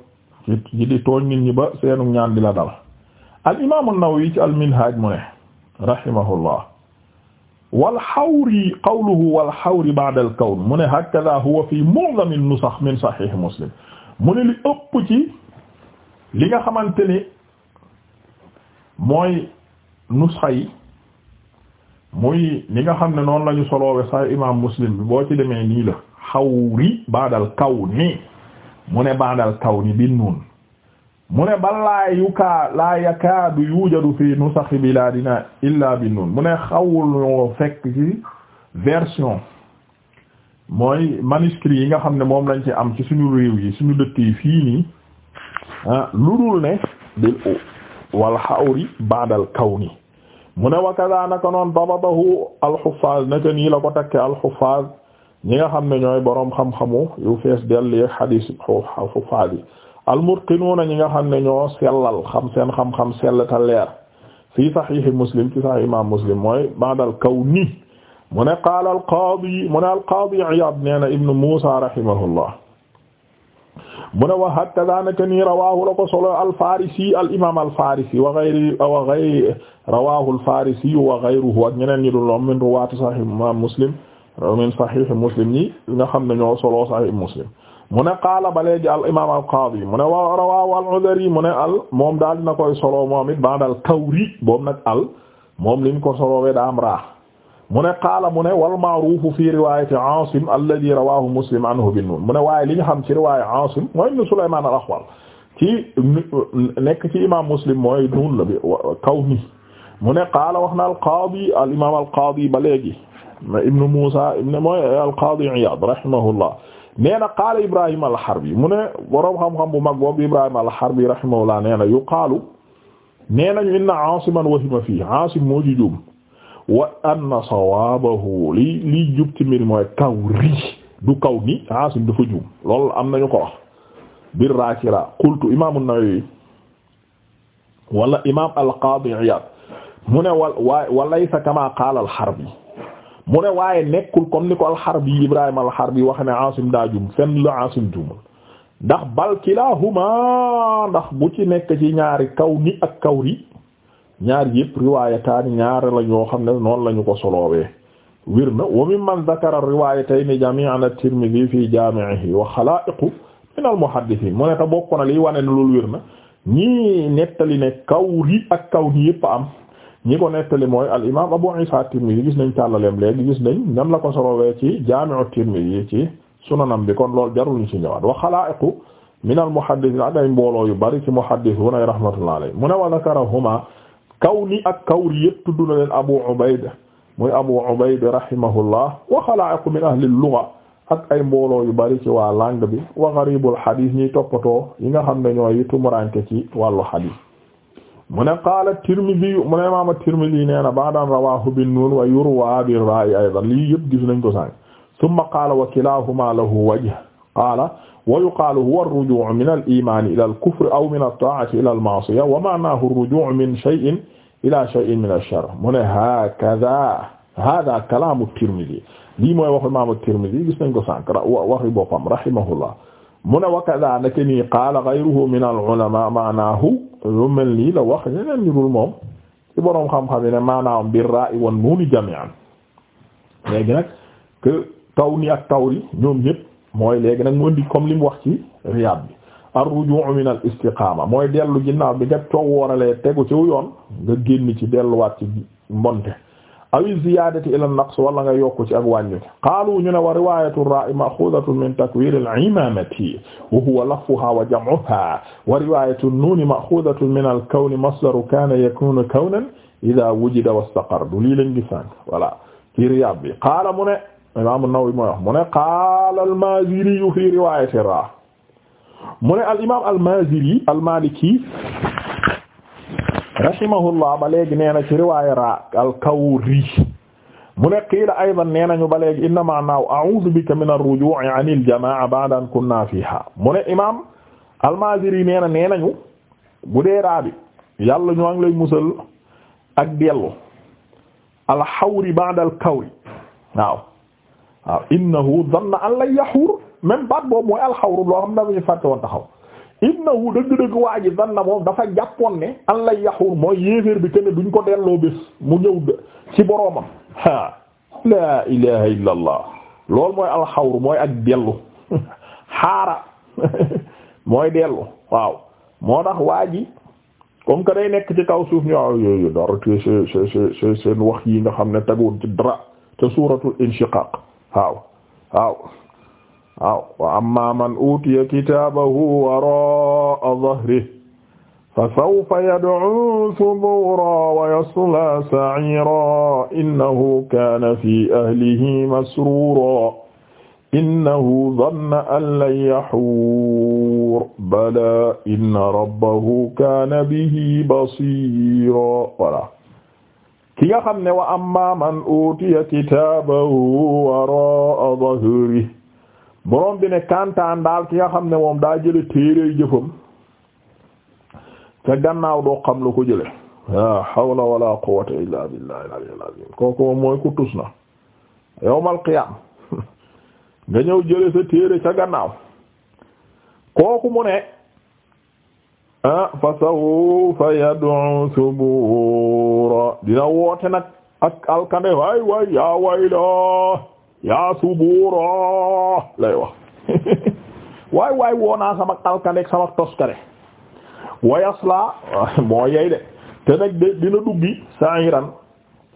ci di tooñ nit ñi ba seenu ñaan di la dal al imaam an-Nawawi ci al minhaj mu ne rahimahullah wal xawri qawluhu wal xawri ba'da al kawn mu ne hakada huwa fi mu'zam an-nusakh min sahih muslim mu ne li ëpp ci li nga xamante ni mooy nusxa yi muy li nga xam ne noonu lañu ñu soloowe sa imam muslim bi boo ci demee nii la xawri baadal kaw ni mu ne baadal kaw ni bi nuun mu ne bal laa yukaa laa yakaadu yujadu fi nusaxi bilaadina illa bi nuun mu ne xawuloo fekk ci version mooy manuscrits yi nga xam ne moom lañ ci am ci suñu réew yi suñu dëkk yi fii nii ah lu dul ne bil wal xawri baadal kaw ni mu ne wa kaza naka noon dabatahu alxufaaz naka nii la ko takke alxufaaz ñi nga xam ne ñooy boroom xam-xamu yu fees dell yi xadiis xufaaz yi almutqinuuna ñi nga xam ne ñoo sellal xam seen xam-xam sell ta leer fii saxiixi muslim ci saxiix imaam muslim mooy baadal kawni mu ne qaala alqaadi mu ne alqaadi Iyaad nee na ibnu Muusaa rahimahullah mu ne wa hakaza naka nii rawaahu la ko solo al-Farisi al wa ghayri rawaahu al-Farisi wa ghayruhu ak ñeneen ñi dul min ruwaati sahih Muslim min sahih Muslim ñi nga xam ne ñoo solo sahih Muslim mu ne qaala ba léegi al imaam rawaahu al-Udhri mu al moom daal koy solo moom it ba'da al-Kawri boobu al moom liñ ko solo we daa am mu ne qaala mu ne wal ma'ruufu fi riwaayati Aasim alladii rawaahu Muslim anhu bin nuun mu ne waaye li ñu xam ci riwaayu Aasim mooy ibn Sulaymaan al-Axwal ci nekk ci imaam Muslim mooy nuun la bi kaw mi mu ne qaala wax na al-qaadi al-imaam al-qaadi ba léegi ibn Muusaa ibn mooy al-qaadi Iyaad rahimahullah nee na qaala Ibraahiim al-Harbi mu ne boroom xam-xam bu mag boobu Ibraahiim al-Harbi rahimahullah nee na yuqaalu nee nañu inna Aasiman wahima fiihi Aasim moo ci juum wa anna sawabahu li liy jub ci mbir mooy kaw ri du kaw ni Aasim ah, dafa juum loolu am nañu ko wax bir raakira qultu imam an-Nawawi wala imam al-Qaadi Iyaad mu ne wal waay walaysa kama qaala al-Harbi mu ne waaye nekkul comme ni ko al-Harbi Ibrahima al-Harbi wax ne Aasim daa juum fenn la Aasim juumal ndax bal kilahuma ndax bu ci nekk ci ñaari kaw ni ak kaw ri ñaar yëpp riwaayataani ñaar la ñoo xam ne noonu lañu ñu ko soloobee wir na wa mimman zakara riwaayatayni jami'an at-Tirmidhi fi jaami'ihi wa xalaa'iqu min al-muhaddithiin mu ne te bokk na lii wane ne loolu wir na ñii nettali ne kawri ak kawni yëpp am ñi ko nettali mooy al imaam Abu Isa at-Tirmidhi gis nañ tàllaleem léegi gis nañ nan la ko soloobee ci jaami'u at-Tirmidhi ci sunanam bi kon lool jarul ñu ci ñëwaat wa xalaa'iqu min al-muhaddithiin ak ay mbooloo yu bari ci muhaddithuuna rahmatullahi alayhi mu ne wa zakarahuma kawni ak kawri yëpp tudd na leen Abu Ubayd muy Abu Ubayd rahimahullah wa xalaa'iq min ahli lugha ak ay mbooloo yu bari ci waa langue bi wa gharibul hadith ñiy toppatoo yi nga xam ne ñooy tumuraanke ci wàllu hadith mu ne qaala Tirmidhi mu ne imaam na rawaahu bin nuun wa yurwa bir raa'i aydan lii yëpp gis nañ ko sànq summa qaala wa kilaahuma lahu wajh qaala wa yuqaalu huwa ar-rujuu' min al-iimaan ilaa al-kufr aw min at-taa'ati ilaa al-ma'siya wa ma'naahu ar-rujuu' min shay'in ilaa shay'in min ash-sharr mu ne haakazaa haaza kalaamu Tirmidi lii mooy waxu imaamu Tirmidi gis nañ ko sànq waxi boppam rahimahullah mu ne wa kazaa naka nii qaala ghayruhu min al-ulamaa ma'naahu lu mel nii la wax yeneen ñu dul moom ci boroom xam-xam yi ne maanaam bi raa'i wan nuuni jamii'an léegi nag que taw nii ak taw li ñoom ñëpp. mooy léegi nag mu indi comme li mu wax ci Riyad bi ar-ruju' min al-istiqama mooy dellu ginnaaw bi nga coow wooralee tegu ci yoon nga génn ci delluwaat ci mbonte awi ziyadati ila naqs wala nga yokku ci ak wàññuki war ñu ne wa riwayatu ra'i ma'xudatun min takwir al-imamati wa huwa laffuha wa jam'uha wa riwayatu nuuni ma'xudatun min al-kawn masdaru kana yakunu kawnan idha wujida wastaqarra du lii lañ gisaan voilà ci Riyad bi qaala mu ne imam an-Nawawi mooy wax mu ne qaala al-Maaziri fi riwaayati Ra mu ne al imam al-Maaziri al-Maliki rahimahullah ba léegi nee na ci riwaaya Ra al-Kawri mu ne qiila aydan nee nañu ba léegi inna ma'naahu a'uudu bika min ar-rujuu'i 'ani al-jamaa'a ba'da an kunnaa fiihaa mu ne imam al-Maaziri nee na nee nañu bu dee Ra bi yàlla ñu ngi lay musal ak dellu al-hawri ba'da al-kawri waaw waaw innahu danna an la yaxuur même baat boobu mooy alxawru loo xam ne dañuy fàtte woon taxaw innahu dëgg-dëgg waa ji danna moom dafa jàppoon ne an la mooy yéeféer bi kenn duñ ko delloo bés mu ñëw si boroomam ha laa ilaha illa allah loolu mooy alxawru mooy ak dellu (laughs) xaara (laughs) mooy dellu waaw moo tax waa ji comme que day nekk ci kaw suuf ñu waaw yooyu dara te seen wax yi nga xam ne teguwul ci dara te suuratu inshiqaq waaw waaw waaw wa amma man utiya kitaabahu waraa dhahrihi fa sawfa yad'uu thubuuran wa yaslaa sa'iiran innahu kaana fii ahlihi masruuran innahu dhanna an lan yahuur balaa inna rabbahu kaana bihi basiiran ki nga xam ne wa amma man utiya kitaabahu waraa dhahri borom bi ne kantaan daal ki nga xam ne moom daa jële téere jëfam ca gannaaw doo xam lu ko jële la hawla wala quwwata illa billahi al-aliyyil azim kooku moom mooy ku tus na yawmal nga ñëw jële sa téere ca gannaaw kooku mu ne ah fa sawfa yad'u subura dina woote nag ak alkande waay waay yaa wayla yaa subura lay wax (laughs) waay waay woonaa sama alkande sama toskare wayasla (laughs) moo yey de te dina duggi sa'iran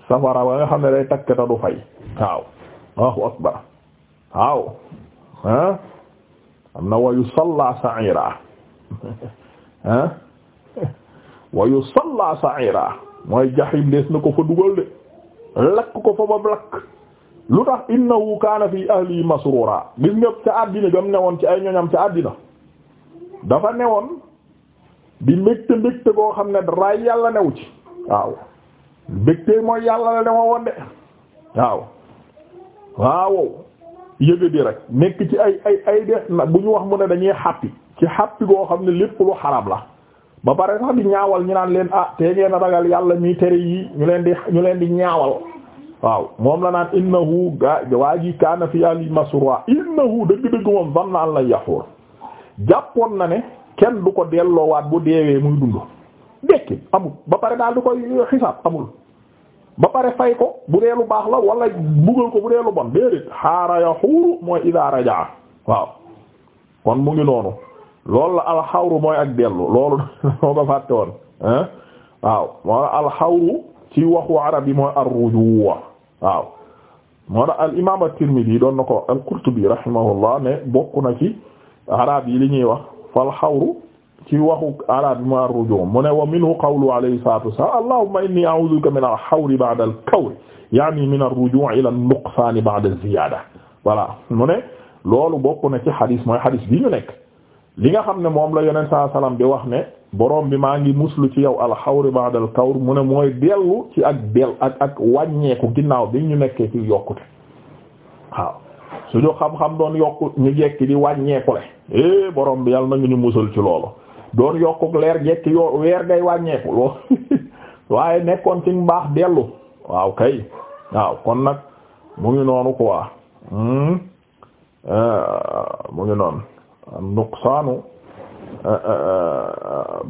safara wa nga xam ne day takkata Allahu akbar waaw ah wayu salla sa'ira (laughs) ah wa yusalla sa'ira mooy jaxim des na ko fa dugal de lakk ko fa ba lakk lu tax innahu kaana fi ahli masrura gis nga ca àddina gam newoon ci ay ñoñam ca àddina dafa newoon di mbégte mbégte boo xam ne dara yàlla new ci waaw mbégte mooy yàlla la newa woon de waaw waaw yëga di rek nekk ci ay ay ay bu ñu wax mu ne dañuy xàppi ci xàppi goo xam ne lépp lu xarab la ba pare sax di ñaawal ñu naan leen ah te ngeen ragal yàlla mi tere yi ñu leen di ñu leen di ñaawal waaw moom la naan innahu ga waa yi kaana fi ali masroa innahu dëgg-dëgg moom zanna an lan yaxuur jàppoon na ne kenn du ko delloowaat bu deewee muy dund dekki amul ba pare daal du koy xisaab amul ba pare fay ko bu dee lu baax la wala buggal ko bu dee lu bon déedéet xaara yaxuuru mooy idaa rajaa waaw kon loolu la alxawru mooy ak dellu loolu (laughs) moo ko fàtte woon ah waaw moo alxawru ci waxu arab yi mooy ar-rujuwa waaw moo tax al imaam at-Tirmidhi doon na ko al-Qurtubi rahimahullah ne bokk na ci arab yi li ñuy wax fal xawru ci waxu arab yi mooy ar-rujuwa mu ne wa minhu qawlu alayhi salaatu wassalaam allahumma inni a'udhu bika min al-xawri ba'da al-kawri yaani min ar-ruju'i ila an-nuqsaani ba'da az-ziyaada voilà mu ne loolu bokk na ci xadis mooy xadis bi ñu nekk. li nga xam ne moom la yeneen saa salaam bi wax ne borom bi maa ngi muslu ci yow alxawri dal kawr mu ne mooy dellu ci ak del ak ak wàññeeku ginnaaw bi ñu nekkee ci yokkute waaw suñu xam-xam doon yokk ñu jekki di wàññeeku le eh borom bi yàlla na ñu ñu musal ci loolu doon yokkuk leer jekki yo weer ngay wàññeeku (laughs) waaye nekkoon ci mbaax dellu waaw kay waaw kon nag mu ngi noonu quoi hmm? eh, mu ngi noonu. nuqsaanu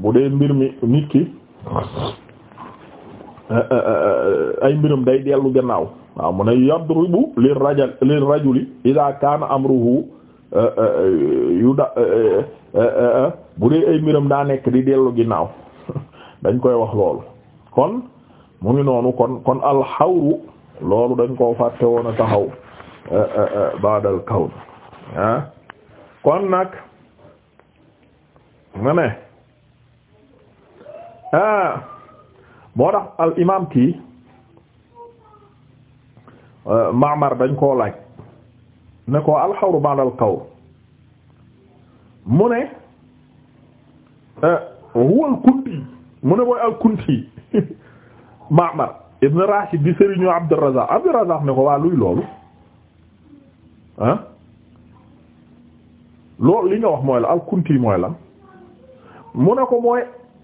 bu dee mbir mi nit ki ay mbirum day dellu gannaaw waaw mu ne yadribu li rajul li rajuli ida kaana amruhu bu dee ay mbiram daa nekk di dellu ginnaaw dañ koy wax loolu kon mu ngi noonu kon kon alxawru loolu dañ koo fàtte woon taxaw baadal kawn kon nag ma ne ah moo tax al imaam kii euh, Ma'mar dañ koo laaj ne ko alxawru ba'dal qawl mu ne euh, huwa al kunti mu ne mooy al (laughs) Ma'mar ibn Rashid di sëriñu Abdurrazzaq Abdurrazzaq ne ko waa luy loolu ah loolu li nga wax mooy la ak kunti mooy la mu ne ko mooy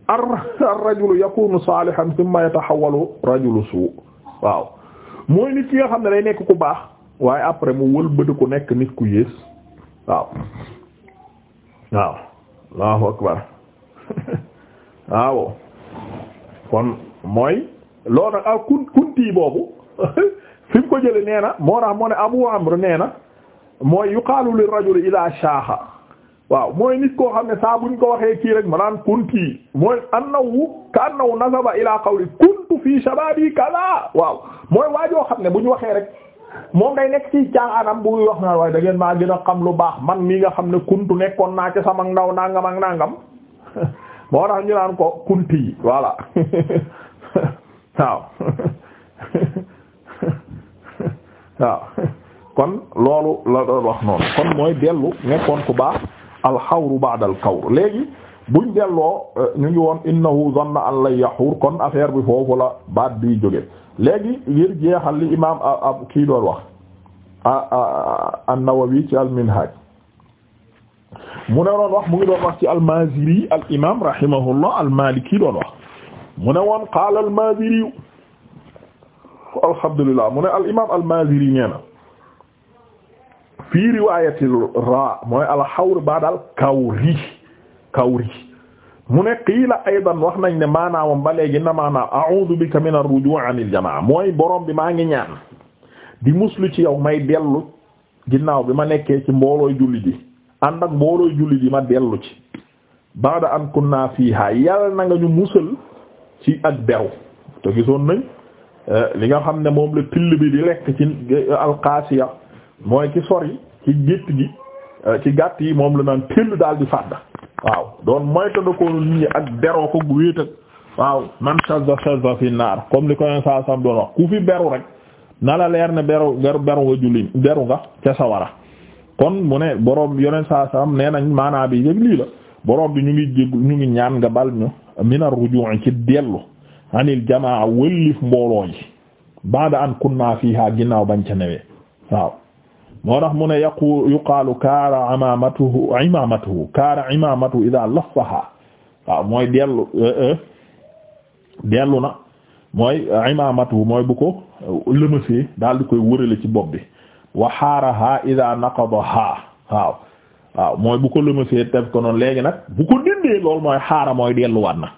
ar ar-rajulu yakunu salihan thumma yatahawwalu rajulu suu waaw mooy nit ki nga xam ne day nekk ku baax waaye après mu wëlbati ku nekk nit ku yées waaw waaw allahu akbar (laughs) waaw kon mooy loolu nag kunti boobu (laughs) fi mu ko jële nee na moo tax moo ne Abu Amr nee na mooy yuqaalu li rajuli ila waaw mooy nit koo xam ne saa buñ ko waxee kii rek manaan kunti mooy annahu ka annahu nasaba ila qawli kuntu fii shababi kaza waaw mooy waajoo xam ne bu ñu waxee rek moom day nekk ci caaxaanam bu wax naa waaye da ngeen maa gën a xam lu baax man nii nga xam ne kuntu nekkoon naa ca sama ndaw nangam ak nangam (laughs) moo tax ñu naan ko kunti yi voilà (laughs) waaw (laughs) kon loolu la doon wax noonu kon mooy dellu nekkoon ku baax alxawru ba'da alkawr léegi buñ delloo euh, ñu ngi woon innahu zanna an la yaxuur kon affaire bi foofu la baat bi jóge léegi ngir jeexal li imaam ab kii doon wax an-Nawawi ci al-Minhaj mu ne doon wax mu ngi doon wax ci al-Maziri al imam rahimahullah al-Maliki doon wax mu ne woon qaala al-Maziri alhamdulillah mu ne al imam al-Maziri nee na fii riwaayatil ra mooy alxawr ba daal kawri kawri mu ne qiila aydan wax nañ ne maanaawam ba léegi na maanaam a'uudu bika min ar-rujuu' anil jamaa mooy borom bi maa ngi ñaan di muslu ci yow may dellu bi ma nekkee ci mboolooy julli ji ànd ak mboolooy julli ma dellu ci ba'da an kunna fiihaa yàlla na nga ñu musal ci ak beru te gisoon eh, li nga xam ne moom la till bi di lekk ci eh, mooy ci sor ci gétt euh, gàtt yi moom la naan tëll daal di fàdda waaw doon moytandakoonu nit ñi ak beroo ko wéet waaw man shazza shazza fi naar comme li ko leen saa doon wax ku fi beru rek nala leer ne beru beru beru nga julli beru nga ca sawara kon mu ne borom yoneen saa sam nee nañ maanaa bi yëg lii bi ñu ngi jég ñu ngi ñaan nga bal ñu minar ruju'i ci dellu anil jamaa wëllif mbooloo yi ba'da an kunna fiha ginnaaw bañ ca newee waaw moo tax mu ne yaqu yuqaalu kaara imamatuhu imamatuhu kaara laffaha waaw mooy dellu eh, eh, na mooy imamatuhu mooy bu ko lëmasee daal di koy wërale ci bopp bi wa xaaraha ida naqadaha waaw waaw mooy bu ko lëmasee def ko noonu léegi nag bu ko dindee loolu mooy xaara mooy delluwaat na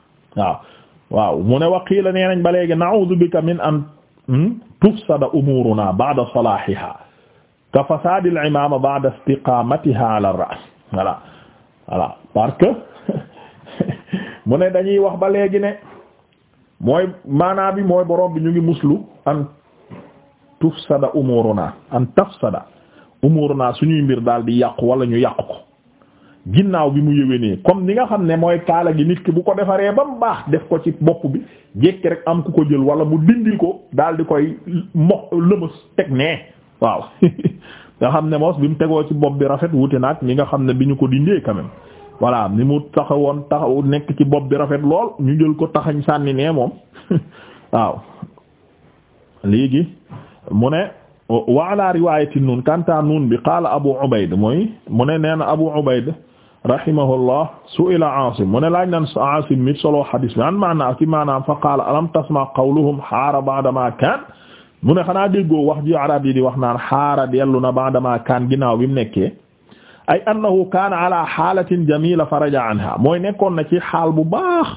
waaw waaw waqiila nee nañ ba léegi na'uudu bika min an hmm, tufsada umuuruna ba'da salaahiha ka fasadil imama ba'da istiqamatiha ala ar-ra's voilà voilà parce que (laughs) mu ne dañuy wax ba léegi ne mooy maanaa bi mooy borom bi ñu ngi muslu an tufsada umuruna an tafsada umuruna suñuy mbir daal di yàqu wala ñu yàqu ko ginnaaw bi mu yëwénee comme ni nga xam ne mooy kaala gi nit ki bu ko defaree ba mu baax def ko ci bopp bi jékki rek am ku ko jël wala mu dindil ko daal di koy mo lëmës teg nee waaw (laughs) nga xam ne moos bi mu tegoo ci bopp bi rafet wuute naag ñi nga xam ne bi ñu ko dindee quand même voilà ni mu taxawoon taxaw nekk ci bopp bi rafet lool ñu jël ko taxañ sànni ne moom (laughs) waaw léegi mu ne wa ala riwayati nun kanta nun bi qaala abu ubayd mooy mu ne nee na abu ubayd rahimahullah su'ila aasim mu ne laaj nan aasim mi maanaam fa qaala alam tasma qawluhum haara ba'da ma kaan mu ne xanaa déggoo wax ji arab yi di wax naan xaara dellu na baadama kaan ginnaaw bi mu nekkee ay annahu kaana ala xaalatin jamila fa raja anha mooy nekkoon na ci xaal bu baax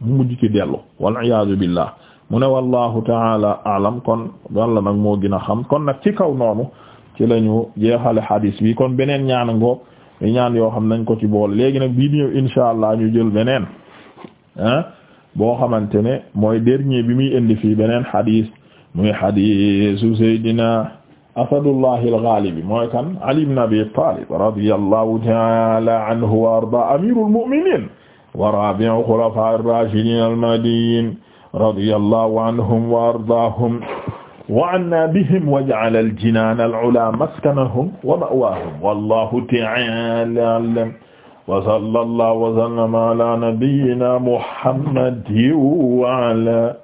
mu mujj ci dellu waliyasu billah mu ne wallahu taala alam kon walla nag moo gën a xam kon nag ci kaw noonu ci la ñu jeexale hadis bi kon beneen ñaan ngoo ñaan yoo xam nañ ko ci bool léegi bii ñëw allah ñu jël beneen ah boo xamante ne mooy dernier bi muy indi fii beneen hadis muy hadiisu Seydina Asadullahi al-Ghaalibi mooy kan Ali ibn Abi Taalib radiyallahu ta'ala anhu wa ardaa amiirul mu'miniin wa raabi'u khulafaa'i ar-raashidiin al-mahdiyyiin radiyallahu anhum wa ardaahum wa annaa bihim wa ja'ala al-jinaana al-'ulaa maskanahum wa ma'waahum wallaahu ta'ala a'lam wa sallallahu wa sallama ala nabiyyinaa Muhammadin wa ala